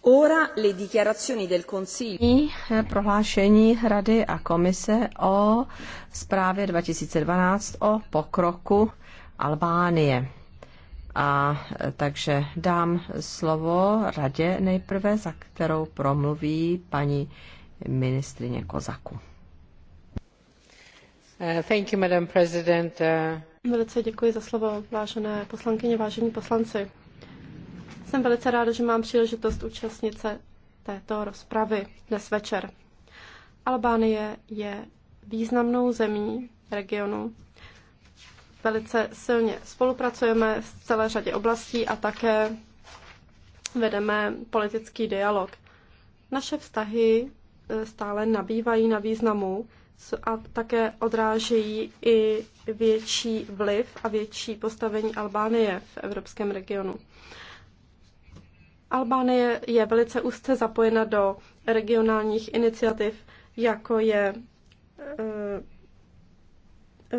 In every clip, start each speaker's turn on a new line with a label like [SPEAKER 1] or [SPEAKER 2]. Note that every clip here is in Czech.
[SPEAKER 1] Ora le dichiarazioni del Consiglio. Eh, prohlášení Rady a Komise o zprávě 2012 o pokroku Albánie. A eh, takže dám slovo radě nejprve, za kterou promluví paní ministrině Kozaku. Uh, thank you, Madam President.
[SPEAKER 2] Uh... Velice děkuji za slovo, vážené poslankyně, vážení poslanci. Jsem velice ráda, že mám příležitost účastnit se této rozpravy dnes večer. Albánie je významnou zemí regionu. Velice silně spolupracujeme v celé řadě oblastí a také vedeme politický dialog. Naše vztahy eh, stále nabývají na významu a také odrážejí i větší vliv a větší postavení Albánie v evropském regionu. Albánie je velice úzce zapojena do regionálních iniciativ, jako je eh,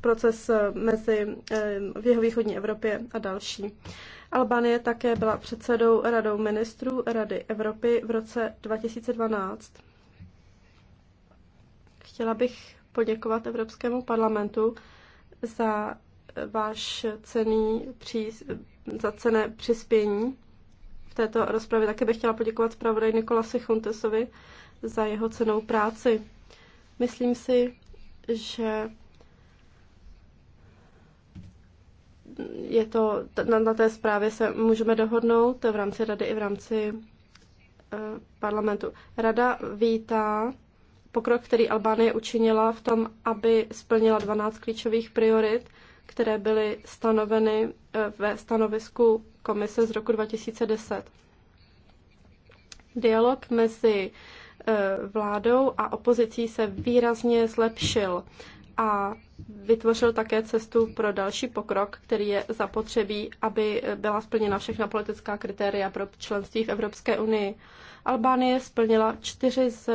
[SPEAKER 2] proces eh, mezi eh, v jeho východní Evropě a další. Albánie také byla předsedou radou ministrů Rady Evropy v roce 2012. Chtěla bych poděkovat Evropskému parlamentu za váš cený za cené přispění této rozpravě. Také bych chtěla poděkovat zpravodaj Nikolasi Chuntesovi za jeho cenou práci. Myslím si, že je to, na, na té zprávě se můžeme dohodnout v rámci rady i v rámci eh, parlamentu. Rada vítá pokrok, který Albánie učinila v tom, aby splnila 12 klíčových priorit, které byly stanoveny eh, ve stanovisku komise z roku 2010. Dialog mezi eh, vládou a opozicí se výrazně zlepšil a vytvořil také cestu pro další pokrok, který je zapotřebí, aby byla splněna všechna politická kritéria pro členství v Evropské unii. Albánie splnila čtyři z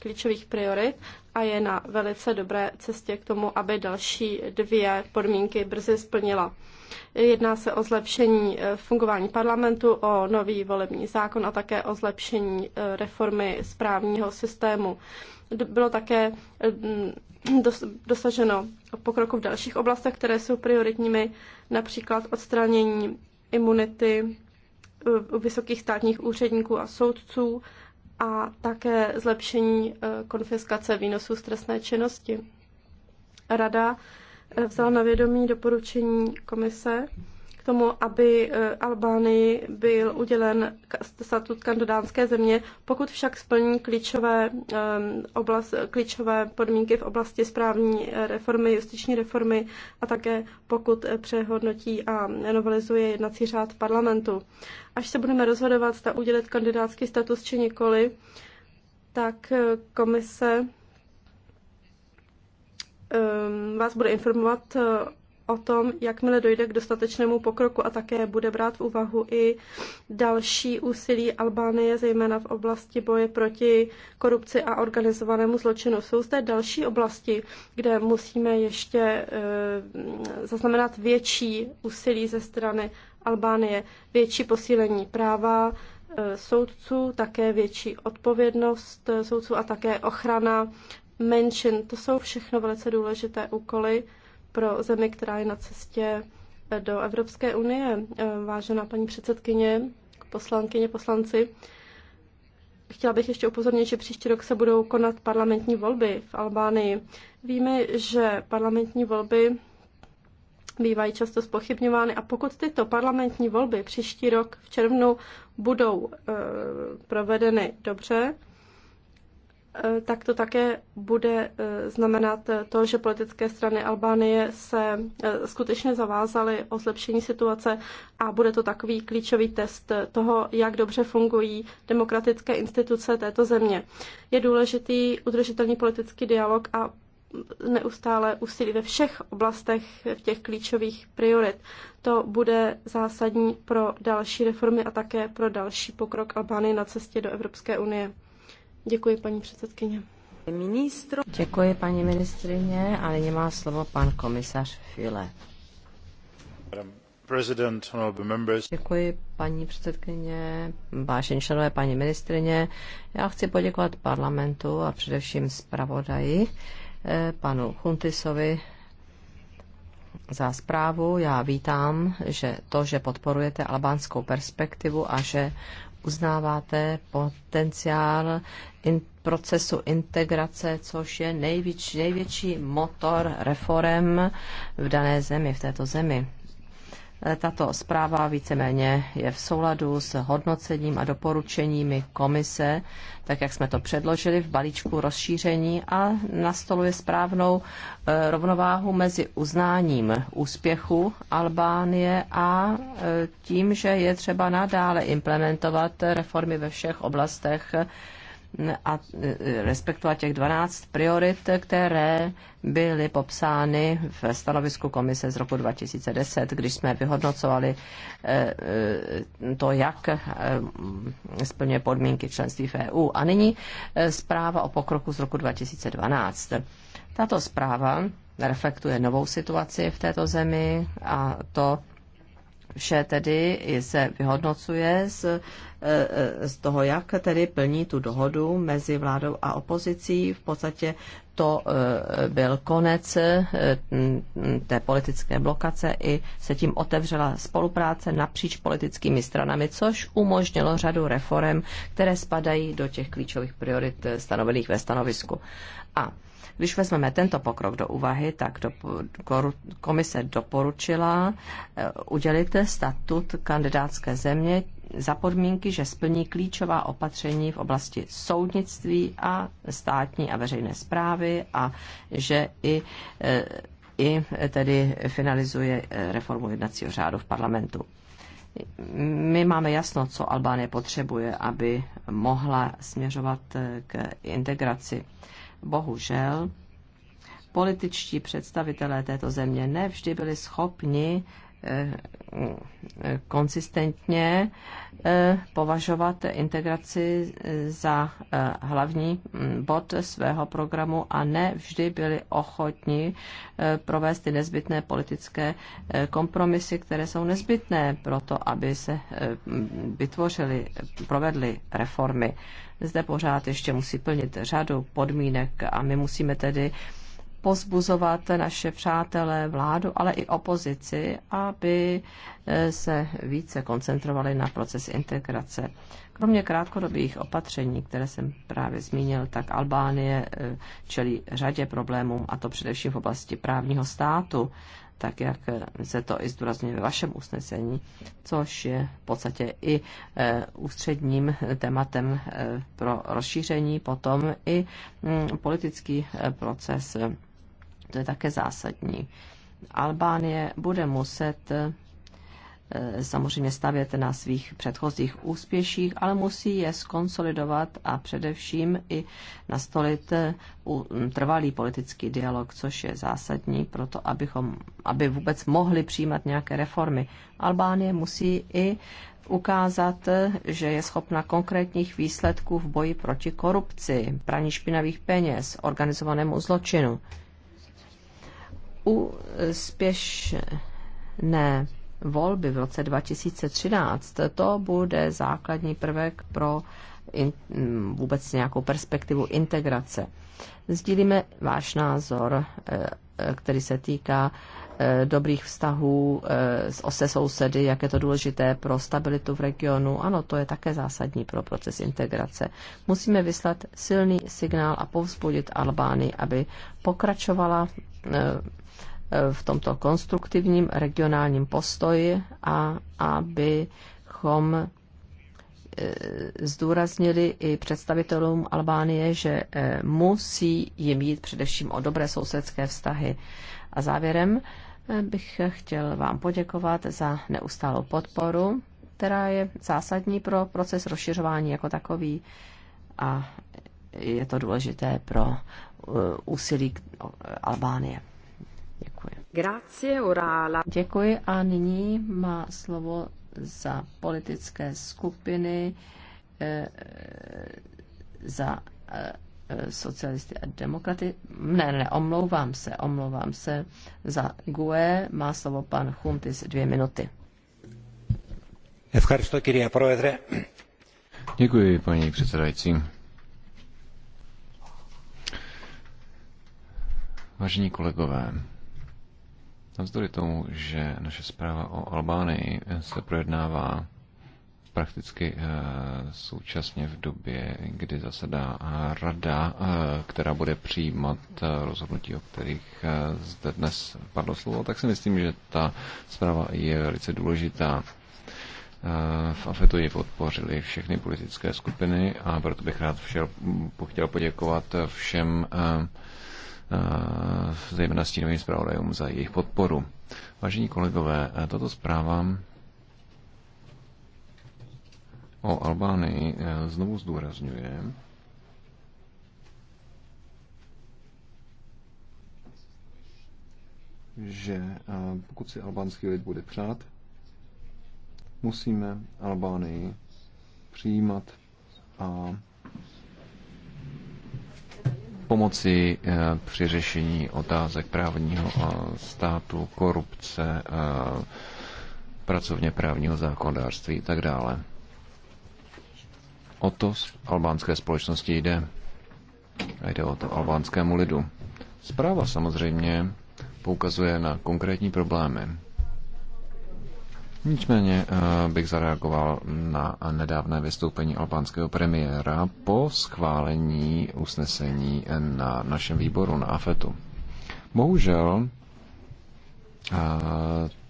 [SPEAKER 2] klíčových priorit a je na velice dobré cestě k tomu, aby další dvě podmínky brzy splnila. Jedná se o zlepšení eh, fungování parlamentu, o nový volební zákon a také o zlepšení eh, reformy správního systému. Bylo také mm, dosaženo pokroku v dalších oblastech, které jsou prioritními, například odstranění imunity eh, u vysokých státních úředníků a soudců, a také zlepšení eh, konfiskace výnosů z trestné činnosti. Rada eh, vzala na vědomí doporučení komise tomu, aby e, Albánii byl udělen statut kandidátské země, pokud však splní klíčové, oblast, klíčové podmínky v oblasti správní e, reformy, justiční reformy a také pokud e, přehodnotí a novelizuje jednací řád parlamentu. Až se budeme rozhodovat, zda udělit kandidátský status či nikoli, tak komise vás bude informovat o tom, jakmile dojde k dostatečnému pokroku a také bude brát v úvahu i další úsilí Albánie, zejména v oblasti boje proti korupci a organizovanému zločinu. Jsou zde další oblasti, kde musíme ještě e, zaznamenat větší úsilí ze strany Albánie, větší posílení práva e, soudců, také větší odpovědnost eh, soudců a také ochrana menšin. To jsou všechno velice důležité úkoly pro zemi, která je na cestě eh, do Evropské unie. Eh, vážená paní předsedkyně, poslankyně, poslanci, Chtěla bych ještě upozornit, že příští rok se budou konat parlamentní volby v Albánii. Víme, že parlamentní volby bývají často spochybňovány a pokud tyto parlamentní volby příští rok v červnu budou e, provedeny dobře, Eh, tak to také bude eh, znamenat eh, to, že politické strany Albánie se skutečně zavázaly o zlepšení situace a bude to takový klíčový test toho, jak dobře fungují demokratické instituce této země. Je důležitý udržitelný politický dialog a neustále úsilí ve všech oblastech, v těch klíčových priorit. To bude zásadní pro další reformy a také pro další pokrok Albány na cestě do Evropské unie. Děkuji, paní předsedkyně. Ministro.
[SPEAKER 1] Děkuji, paní ministrině. A nyní má slovo pan komisař File. Děkuji, paní předsedkyně, vážení členové, paní ministrině. Já chci poděkovat parlamentu a především zpravodaji, eh, panu Huntisovi za zprávu. Já vítám že to, že podporujete albánskou perspektivu a že uznáváte potenciál in procesu integrace, což je největší, největší motor reform v dané zemi, v této zemi. Tato zpráva víceméně je v souladu s hodnocením a doporučeními komise, tak jak jsme to předložili v balíčku rozšíření a nastoluje správnou e, rovnováhu mezi uznáním úspěchu Albánie a e, tím, že je třeba nadále implementovat reformy ve všech oblastech a e, respektovat těch 12 priorit, které byly popsány v stanovisku komise z roku 2010, když jsme vyhodnocovali e, e, to, jak splňuje podmínky členství v EU. A nyní zpráva o pokroku z roku 2012. Tato zpráva reflektuje novou situaci v této zemi a to vše tedy se vyhodnocuje z, e, e, z toho, jak tedy plní tu dohodu mezi vládou a opozicí. V podstatě to e, byl konec té politické blokace i se tím otevřela spolupráce napříč politickými stranami, což umožnilo řadu reform, které spadají do těch klíčových priorit stanovených ve stanovisku. A když vezmeme tento pokrok do úvahy, tak do, komise doporučila eh, udělit statut kandidátské země za podmínky, že splní klíčová opatření v oblasti soudnictví a státní a veřejné zprávy a že i eh, i tedy finalizuje eh, reformu jednacího řádu v parlamentu. My máme jasno, co Albánie potřebuje, aby mohla směřovat k integraci. Bohužel, političtí představitelé této země nevždy byli schopni konsistentně eh, považovat integraci za eh, hlavní mm, bod svého programu a ne vždy byli ochotní eh, provést ty nezbytné politické kompromisy, které jsou nezbytné pro to, aby se vytvořily, provedly reformy. Zde pořád ještě musí plnit řadu podmínek a my musíme tedy pozbuzovat naše přátelé, vládu, ale i opozici, aby eh, se více koncentrovali na proces integrace. Kromě krátkodobých opatření, které jsem právě zmínil, tak Albánie eh, čelí řadě problémů, a to především v oblasti právního státu, tak jak se to i zdůrazňuje ve vašem usnesení, což je v podstatě i eh, ústředním tématem pro rozšíření, potom i hm, politický proces to je také zásadní. Albánie bude muset eh, samozřejmě stavět na svých předchozích úspěších, ale musí je skonsolidovat a především i nastolit eh, trvalý politický dialog, což je zásadní pro to, abychom, aby vůbec mohli přijímat nějaké reformy. Albánie musí i ukázat, eh, že je schopna konkrétních výsledků v boji proti korupci, praní špinavých peněz, organizovanému zločinu úspěšné eh, volby v roce 2013, to bude základní prvek pro in, mm, vůbec nějakou perspektivu integrace. Sdílíme váš názor, eh, eh, který se týká dobrých vztahů se sousedy, jak je to důležité pro stabilitu v regionu. Ano, to je také zásadní pro proces integrace. Musíme vyslat silný signál a povzbudit Albány, aby pokračovala Eh, v tomto konstruktivním regionálním postoji a abychom eh, zdůraznili i představitelům Albánie, že eh, musí jim jít především o dobré sousedské vztahy. A závěrem bych chtěl vám poděkovat za neustálou podporu, která je zásadní pro proces rozšiřování jako takový a je to důležité pro Eh, úsilí eh, Albánie. Děkuji. Grazie orala. Děkuji a nyní má slovo za politické skupiny eh, za socialisty a demokraty. Ne, ne, omlouvám se, omlouvám se. Za GUE má slovo pan Chuntis dvě minuty.
[SPEAKER 3] Děkuji, paní předsedající. Vážení kolegové, navzdory tomu, že naše zpráva o Albánii se projednává prakticky eh, současně v době, kdy zasedá rada, eh, která bude přijímat eh, rozhodnutí, o kterých zde dnes padlo slovo, tak si myslím, že ta zpráva je velice důležitá. V AFETu ji podpořili všechny politické skupiny a proto bych rád všel, chtěl poděkovat všem Eh, zejména stínovým zpravodajům za jejich podporu. Vážení kolegové, eh, toto zpráva o Albánii eh, znovu zdůrazňuje, že pokud si albánský lid bude přát, musíme Albánii přijímat a pomoci eh, při řešení otázek právního eh, státu, korupce, eh, pracovně právního zákonodárství a tak dále. O to z albánské společnosti jde. A jde o to albánskému lidu. Zpráva samozřejmě poukazuje na konkrétní problémy, Nicméně eh, bych zareagoval na nedávné vystoupení albánského premiéra po schválení usnesení na našem výboru na AFETu. Bohužel eh,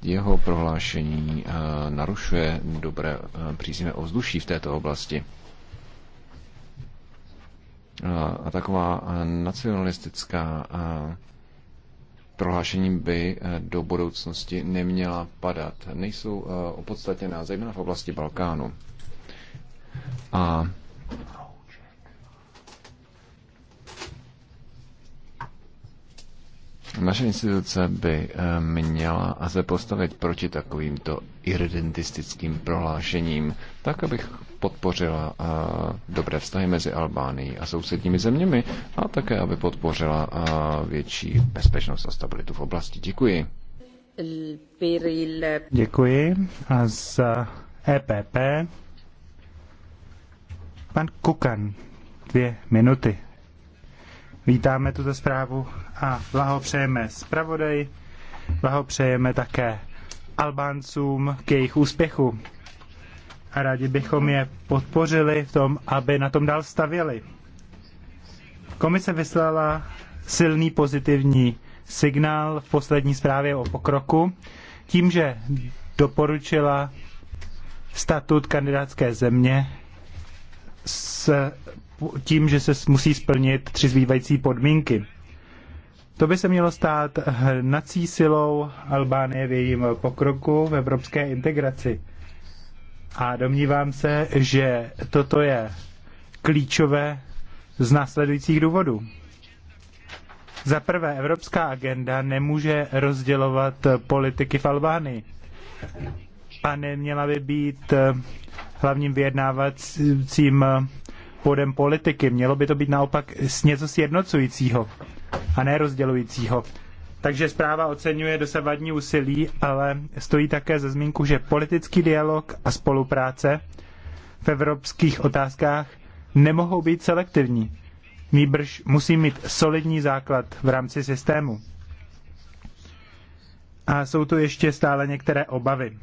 [SPEAKER 3] jeho prohlášení eh, narušuje dobré příznivé ovzduší v této oblasti. A taková nacionalistická prohlášením by eh, do budoucnosti neměla padat. Nejsou eh, opodstatněná, zejména v oblasti Balkánu. A Naše instituce by eh, měla se postavit proti takovýmto irredentistickým prohlášením, tak abych podpořila eh, dobré vztahy mezi Albánií a sousedními zeměmi a také, aby podpořila eh, větší bezpečnost a stabilitu v oblasti. Děkuji.
[SPEAKER 4] Děkuji. A z EPP pan Kukan. Dvě minuty. Vítáme tuto zprávu a blahopřejeme zpravodaj, blahopřejeme také Albáncům k jejich úspěchu. A rádi bychom je podpořili v tom, aby na tom dál stavěli. Komise vyslala silný pozitivní signál v poslední zprávě o pokroku tím, že doporučila statut kandidátské země s tím, že se musí splnit tři zbývající podmínky. To by se mělo stát hnací silou Albánie v jejím pokroku v evropské integraci. A domnívám se, že toto je klíčové z následujících důvodů. Za prvé, evropská agenda nemůže rozdělovat politiky v Albánii a neměla by být hlavním vyjednávacím podem politiky. Mělo by to být naopak něco sjednocujícího a ne rozdělujícího. Takže zpráva oceňuje dosavadní úsilí, ale stojí také za zmínku, že politický dialog a spolupráce v evropských otázkách nemohou být selektivní. Nýbrž musí mít solidní základ v rámci systému. A jsou tu ještě stále některé obavy.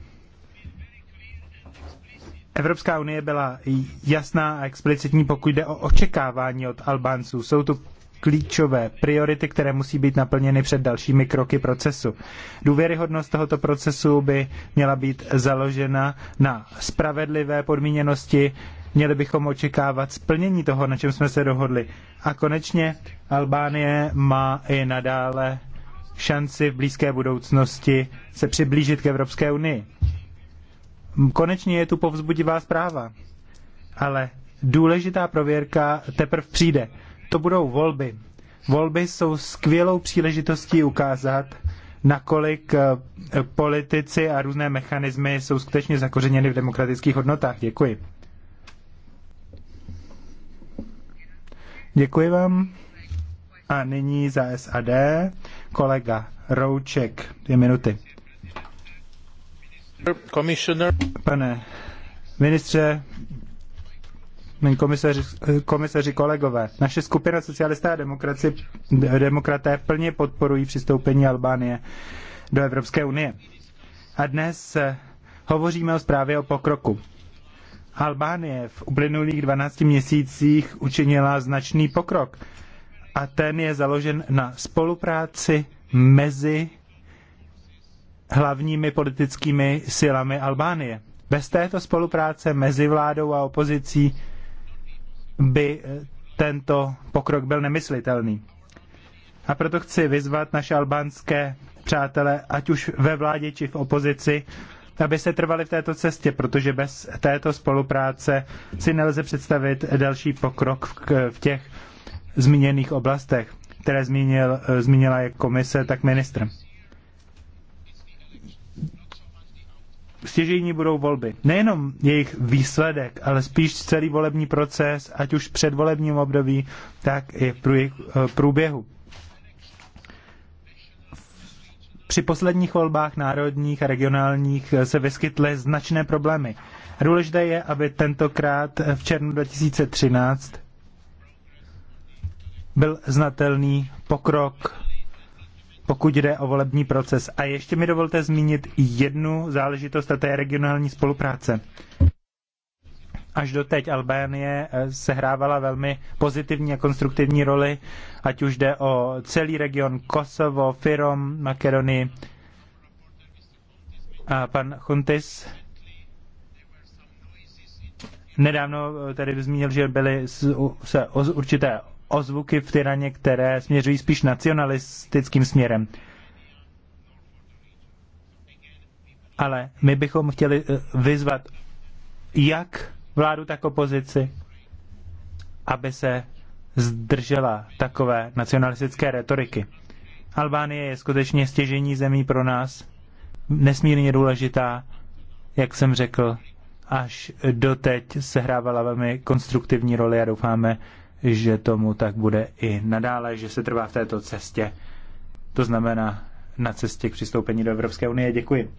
[SPEAKER 4] Evropská unie byla jasná a explicitní, pokud jde o očekávání od Albánců. Jsou tu klíčové priority, které musí být naplněny před dalšími kroky procesu. Důvěryhodnost tohoto procesu by měla být založena na spravedlivé podmíněnosti, měli bychom očekávat splnění toho, na čem jsme se dohodli. A konečně Albánie má i nadále šanci v blízké budoucnosti se přiblížit k Evropské unii. Konečně je tu povzbudivá zpráva, ale důležitá prověrka teprve přijde. To budou volby. Volby jsou skvělou příležitostí ukázat, nakolik eh, politici a různé mechanismy jsou skutečně zakořeněny v demokratických hodnotách. Děkuji. Děkuji vám. A nyní za SAD kolega Rouček. Dvě minuty. Pane ministře, komisaři, komisaři kolegové, naše skupina socialisté a demokraci, demokraté plně podporují přistoupení Albánie do Evropské unie. A dnes eh, hovoříme o zprávě o pokroku. Albánie v uplynulých 12 měsících učinila značný pokrok a ten je založen na spolupráci mezi hlavními politickými silami Albánie. Bez této spolupráce mezi vládou a opozicí by eh, tento pokrok byl nemyslitelný. A proto chci vyzvat naše albánské přátele, ať už ve vládě či v opozici, aby se trvali v této cestě, protože bez této spolupráce si nelze představit další pokrok v těch zmíněných oblastech, které zmínil, eh, zmínila jak komise, tak ministr. stěžejní budou volby. Nejenom jejich výsledek, ale spíš celý volební proces, ať už v předvolebním období, tak i v eh, průběhu. Při posledních volbách národních a regionálních eh, se vyskytly značné problémy. Důležité je, aby tentokrát eh, v červnu 2013 byl znatelný pokrok pokud jde o volební proces. A ještě mi dovolte zmínit jednu záležitost, a to je regionální spolupráce. Až doteď Albánie eh, sehrávala velmi pozitivní a konstruktivní roli, ať už jde o celý region Kosovo, Firom, Makedonii. A pan Chuntis nedávno eh, tady zmínil, že byly se určité ozvuky v Tyraně, které směřují spíš nacionalistickým směrem. Ale my bychom chtěli eh, vyzvat jak vládu, tak opozici, aby se zdržela takové nacionalistické retoriky. Albánie je skutečně stěžení zemí pro nás, nesmírně důležitá, jak jsem řekl, až doteď sehrávala velmi konstruktivní roli a doufáme, že tomu tak bude i nadále, že se trvá v této cestě. To znamená na cestě k přistoupení do Evropské unie. Děkuji.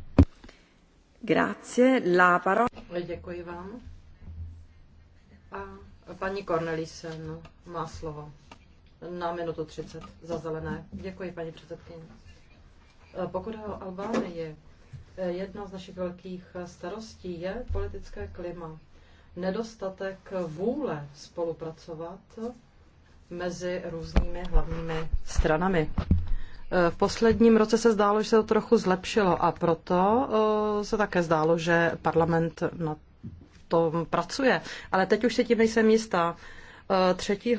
[SPEAKER 5] Grazie, la parola. Děkuji vám. A paní Cornelisen má slovo na minutu 30 za zelené. Děkuji, paní předsedkyně. Pokud ho o Albánii, jedna z našich velkých starostí je politické klima nedostatek vůle spolupracovat mezi různými hlavními stranami. E, v posledním roce se zdálo, že se to trochu zlepšilo a proto e, se také zdálo, že parlament na tom pracuje. Ale teď už se tím nejsem jistá. 3. E,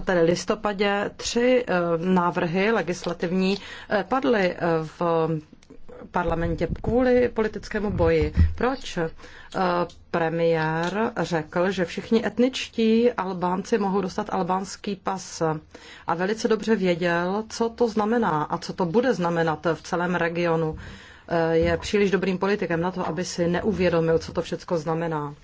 [SPEAKER 5] tedy listopadě tři návrhy legislativní padly v parlamentě kvůli politickému boji. Proč eh, premiér řekl, že všichni etničtí Albánci mohou dostat albánský pas a velice dobře věděl, co to znamená a co to bude znamenat v celém regionu. Eh, je příliš dobrým politikem na to, aby si neuvědomil, co to všechno znamená.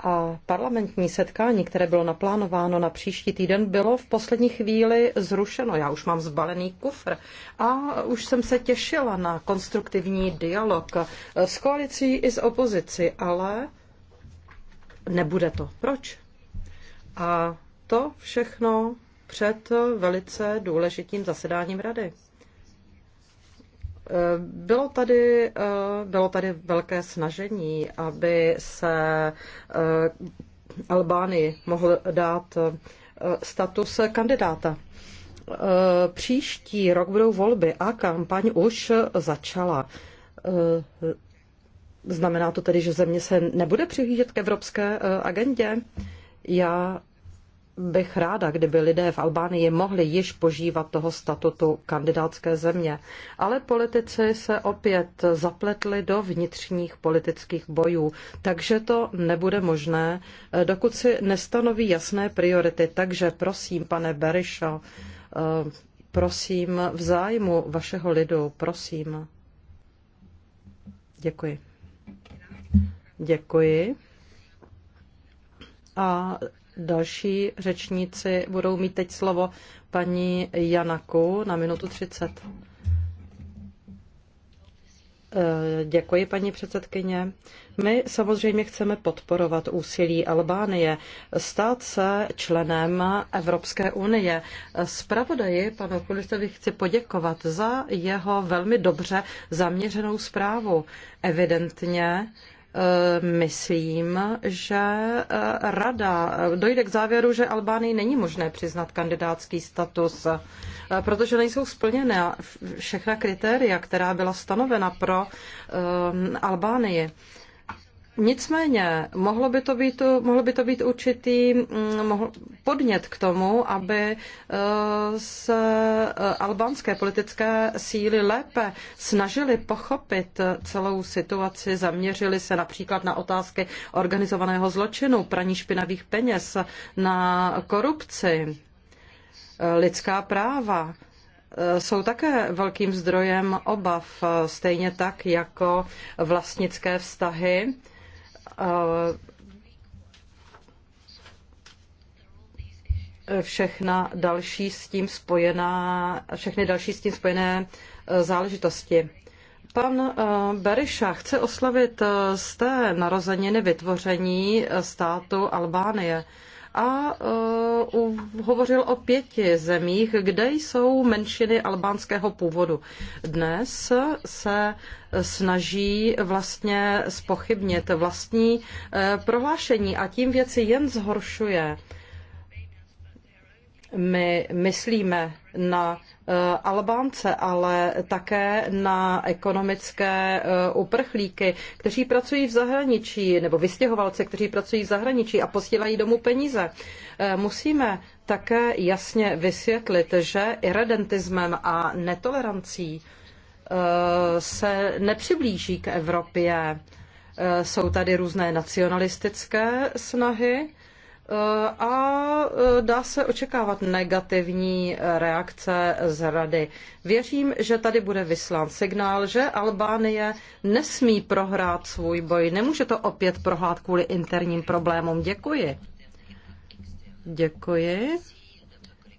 [SPEAKER 5] A parlamentní setkání, které bylo naplánováno na příští týden, bylo v poslední chvíli zrušeno. Já už mám zbalený kufr a už jsem se těšila na konstruktivní dialog eh, s koalicí i s opozici, ale nebude to. Proč? A to všechno před velice důležitým zasedáním rady. Eh, bylo tady, eh, bylo tady velké snažení, aby se eh, Albánii mohl dát status kandidáta. Příští rok budou volby a kampaň už začala. Znamená to tedy, že země se nebude přihlížet k evropské agendě? Já bych ráda, kdyby lidé v Albánii mohli již požívat toho statutu kandidátské země. Ale politici se opět zapletli do vnitřních politických bojů, takže to nebude možné, dokud si nestanoví jasné priority. Takže prosím, pane Berisha, eh, prosím v zájmu vašeho lidu, prosím. Děkuji. Děkuji. A Další řečníci budou mít teď slovo paní Janaku na minutu 30. Eh, děkuji, paní předsedkyně. My samozřejmě chceme podporovat úsilí Albánie stát se členem Evropské unie. Spravodaji panu Kulisovi chci poděkovat za jeho velmi dobře zaměřenou zprávu. Evidentně Eh, myslím, že eh, rada eh, dojde k závěru, že Albánii není možné přiznat kandidátský status, protože nejsou splněna všechna kritéria, která byla stanovena pro Albánii. Nicméně mohlo by to být, mohlo by to být určitý mm, mohl, podnět k tomu, aby eh, se eh, albánské politické síly lépe snažily pochopit eh, celou situaci, zaměřili se například na otázky organizovaného zločinu, praní špinavých peněz, na korupci, lidská práva jsou také velkým zdrojem obav, stejně tak jako vlastnické vztahy Eh, všechna další s tím spojená, všechny další s tím spojené eh, záležitosti. Pan eh, Beriša chce oslavit z té narozeniny vytvoření státu Albánie a uh, hovořil o pěti zemích, kde jsou menšiny albánského původu. Dnes se snaží vlastně spochybnit vlastní uh, prohlášení a tím věci jen zhoršuje. Uh, my myslíme na e, Albánce, ale také na ekonomické e, uprchlíky, kteří pracují v zahraničí, nebo vystěhovalce, kteří pracují v zahraničí a posílají domů peníze. E, musíme také jasně vysvětlit, že irredentismem a netolerancí se nepřiblíží k Evropě. Jsou tady různé nacionalistické snahy, a e, dá se očekávat negativní reakce z rady. Věřím, že tady bude vyslán signál, že Albánie nesmí prohrát svůj boj. Nemůže to opět prohrát kvůli interním problémům. Děkuji. Děkuji.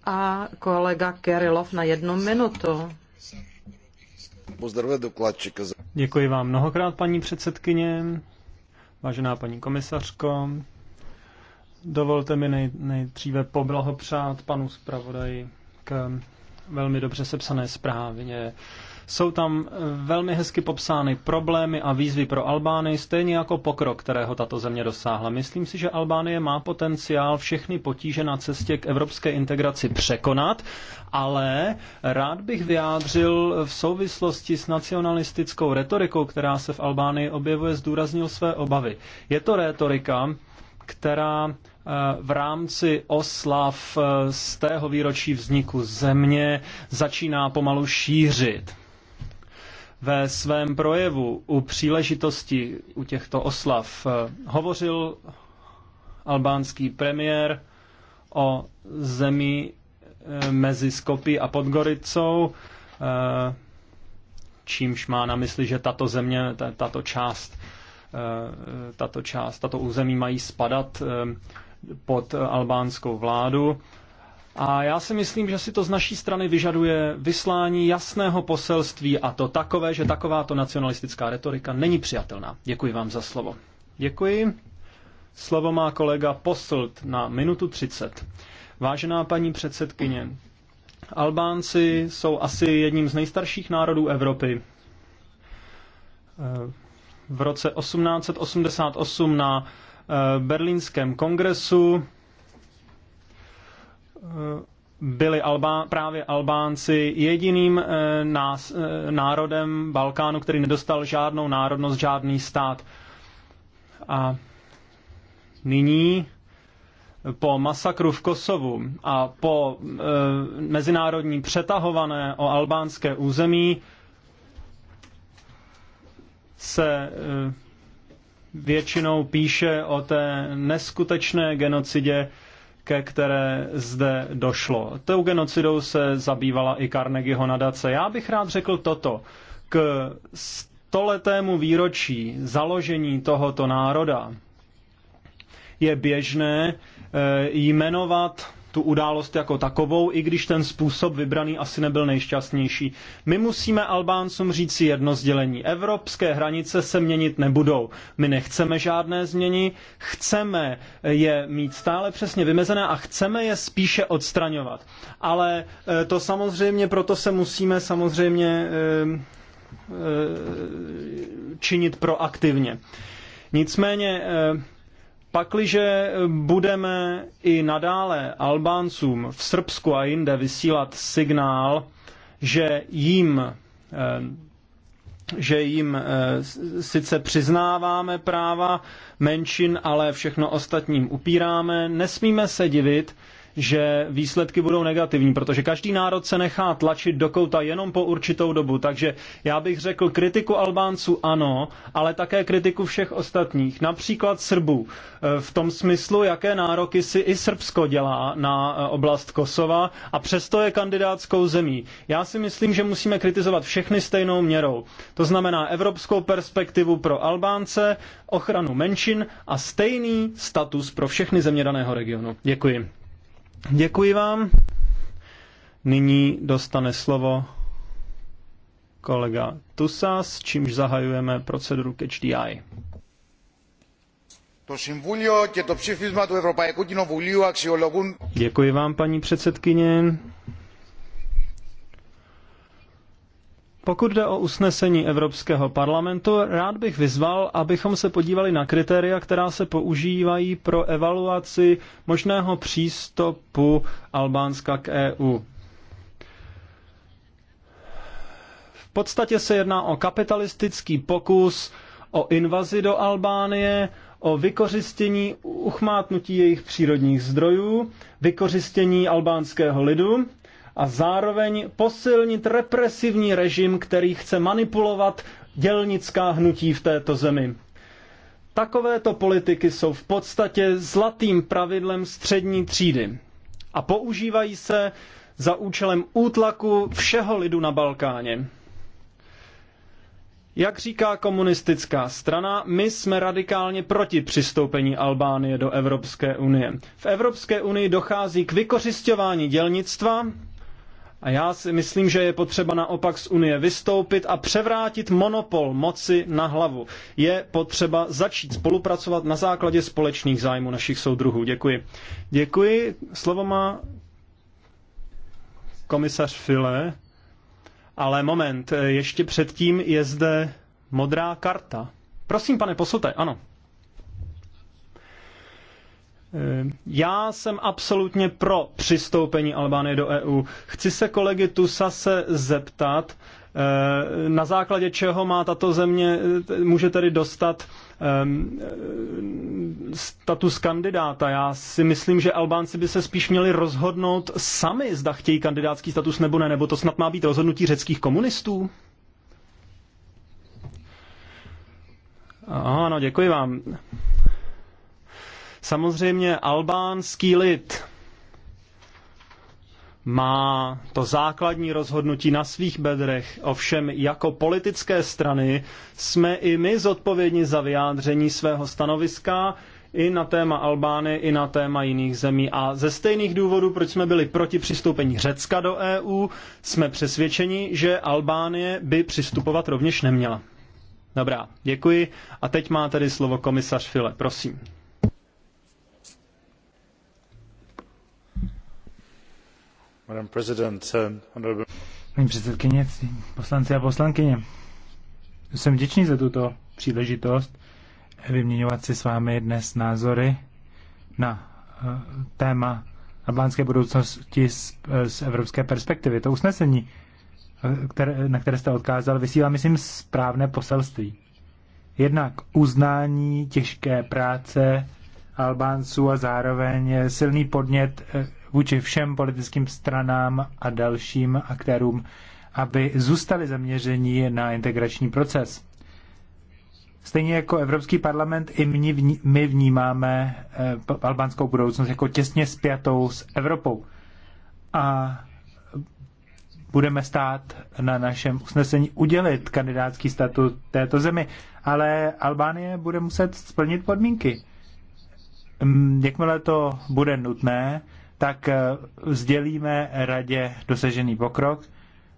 [SPEAKER 5] A kolega Kerilov na jednu minutu.
[SPEAKER 6] Děkuji vám mnohokrát, paní předsedkyně, vážená paní komisařko, Dovolte mi nej, nejdříve poblahopřát panu zpravodaji k velmi dobře sepsané zprávě. Jsou tam velmi hezky popsány problémy a výzvy pro Albány, stejně jako pokrok, kterého tato země dosáhla. Myslím si, že Albánie má potenciál všechny potíže na cestě k evropské integraci překonat, ale rád bych vyjádřil v souvislosti s nacionalistickou retorikou, která se v Albánii objevuje, zdůraznil své obavy. Je to retorika, která eh, v rámci oslav eh, z tého výročí vzniku země začíná pomalu šířit. Ve svém projevu u příležitosti u těchto oslav eh, hovořil albánský premiér o zemi mezi Skopy a Podgoricou, čímž má na mysli, že tato země, tato část Eh, tato část, tato území mají spadat eh, pod albánskou vládu. A já si myslím, že si to z naší strany vyžaduje vyslání jasného poselství a to takové, že takováto nacionalistická retorika není přijatelná. Děkuji vám za slovo. Děkuji. Slovo má kolega Poslt na minutu 30. Vážená paní předsedkyně, Albánci jsou asi jedním z nejstarších národů Evropy. Eh, v roce 1888 na eh, berlínském kongresu eh, byli Albá, právě Albánci jediným eh, nás, národem Balkánu, který nedostal žádnou národnost, žádný stát. A nyní po masakru v Kosovu a po e, mezinárodní přetahované o albánské území se e, většinou píše o té neskutečné genocidě, ke které zde došlo. Tou genocidou se zabývala i Carnegieho nadace. Já bych rád řekl toto. K stoletému výročí založení tohoto národa je běžné e, jmenovat tu událost jako takovou, i když ten způsob vybraný asi nebyl nejšťastnější. My musíme Albáncům říci jedno sdělení. Evropské hranice se měnit nebudou. My nechceme žádné změny, chceme je mít stále přesně vymezené a chceme je spíše odstraňovat. Ale eh, to samozřejmě, proto se musíme samozřejmě eh, eh, činit proaktivně. Nicméně Pakliže budeme i nadále Albáncům v Srbsku a jinde vysílat signál, že jim eh, že jim eh, sice přiznáváme práva menšin, ale všechno ostatním upíráme, nesmíme se divit, že výsledky budou negativní, protože každý národ se nechá tlačit do kouta jenom po určitou dobu. Takže já bych řekl kritiku Albánců ano, ale také kritiku všech ostatních, například Srbů. E, v tom smyslu, jaké nároky si i Srbsko dělá na e, oblast Kosova a přesto je kandidátskou zemí. Já si myslím, že musíme kritizovat všechny stejnou měrou. To znamená evropskou perspektivu pro Albánce, ochranu menšin a stejný status pro všechny země daného regionu. Děkuji. Děkuji vám. Nyní dostane slovo kolega Tusa, s čímž zahajujeme proceduru Catch the Eye.
[SPEAKER 3] To Συμβούλιο και το ψήφισμα του Ευρωπαϊκού Κοινοβουλίου αξιολογούν...
[SPEAKER 6] Děkuji vám, paní předsedkyně. Pokud jde o usnesení Evropského parlamentu, rád bych vyzval, abychom se podívali na kritéria, která se používají pro evaluaci možného přístupu Albánska k EU. V podstatě se jedná o kapitalistický pokus o invazi do Albánie, o vykořistění, uchmátnutí jejich přírodních zdrojů, vykořistění albánského lidu a zároveň posilnit represivní režim, který chce manipulovat dělnická hnutí v této zemi. Takovéto politiky jsou v podstatě zlatým pravidlem střední třídy a používají se za účelem útlaku všeho lidu na Balkáně. Jak říká komunistická strana, my jsme radikálně proti přistoupení Albánie do Evropské unie. V Evropské unii dochází k vykořišťování dělnictva, a já si myslím, že je potřeba naopak z Unie vystoupit a převrátit monopol moci na hlavu. Je potřeba začít spolupracovat na základě společných zájmů našich soudruhů. Děkuji. Děkuji. Slovo má komisař File. Ale moment, ještě předtím je zde modrá karta. Prosím, pane poslute, ano. Eh, já jsem absolutně pro přistoupení Albánie do EU. Chci se kolegy se zeptat, eh, na základě čeho má tato země, eh, může tedy dostat status kandidáta. Já si myslím, že Albánci by se spíš měli rozhodnout sami, zda chtějí kandidátský status nebo ne, nebo to snad má být rozhodnutí řeckých komunistů. Ano, děkuji vám. Samozřejmě albánský lid má to základní rozhodnutí na svých bedrech, ovšem jako politické strany jsme i my zodpovědni za vyjádření svého stanoviska i na téma Albány, i na téma jiných zemí. A ze stejných důvodů, proč jsme byli proti přistoupení Řecka do EU, jsme přesvědčeni, že Albánie by přistupovat rovněž neměla. Dobrá, děkuji. A teď má tedy slovo komisař File, prosím.
[SPEAKER 4] Eh, Paní předsedkyně, poslanci a poslankyně, jsem vděčný za tuto příležitost vyměňovat si s vámi dnes názory na eh, téma albánské budoucnosti z, eh, z evropské perspektivy. To usnesení, které, na které jste odkázal, vysílá, myslím, správné poselství. Jednak uznání těžké práce Albánců a zároveň silný podnět vůči všem politickým stranám a dalším aktérům, aby zůstali zaměření na integrační proces. Stejně jako Evropský parlament, i my vnímáme eh, albánskou budoucnost jako těsně spjatou s Evropou. A budeme stát na našem usnesení udělit kandidátský statut této zemi, ale Albánie bude muset splnit podmínky. Mm, jakmile to bude nutné, tak eh, sdělíme radě dosažený pokrok,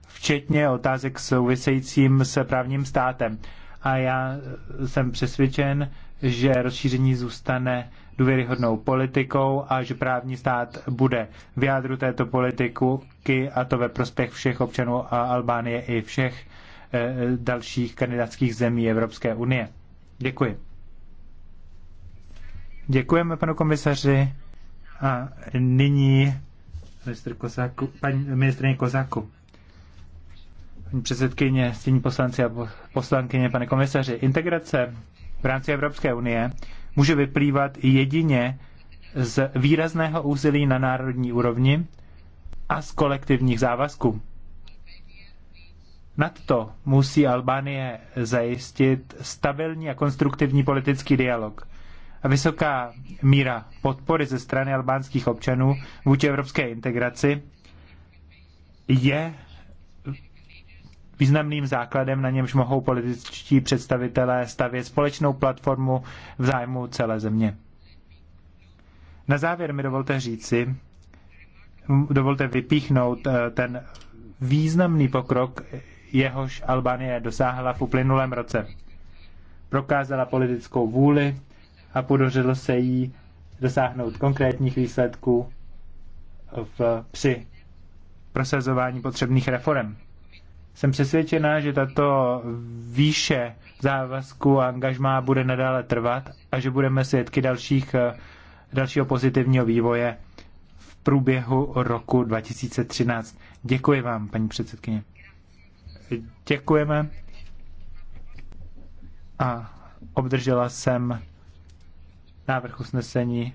[SPEAKER 4] včetně otázek souvisejícím s právním státem. A já eh, jsem přesvědčen, že rozšíření zůstane důvěryhodnou politikou a že právní stát bude v jádru této politiky a to ve prospěch všech občanů a Albánie i všech eh, dalších kandidátských zemí Evropské unie. Děkuji. Děkujeme panu komisaři. A nyní ministr Kozáku, paní ministrině Kozáku. Paní předsedkyně, stění poslanci a poslankyně, pane komisaři, integrace v rámci Evropské unie může vyplývat jedině z výrazného úsilí na národní úrovni a z kolektivních závazků. to musí Albánie zajistit stabilní a konstruktivní politický dialog vysoká míra podpory ze strany albánských občanů vůči evropské integraci je významným základem, na němž mohou političtí představitelé stavět společnou platformu v zájmu celé země. Na závěr mi dovolte říci, dovolte vypíchnout eh, ten významný pokrok, jehož Albánie dosáhla v uplynulém roce. Prokázala politickou vůli, a podařilo se jí dosáhnout konkrétních výsledků v, při prosazování potřebných reform. Jsem přesvědčená, že tato výše závazku a angažmá bude nadále trvat a že budeme svědky dalších, dalšího pozitivního vývoje v průběhu roku 2013. Děkuji vám, paní předsedkyně. Děkujeme. A obdržela jsem návrh usnesení.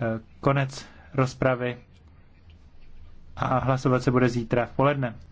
[SPEAKER 4] Eh, konec rozpravy a hlasovat se bude zítra v poledne.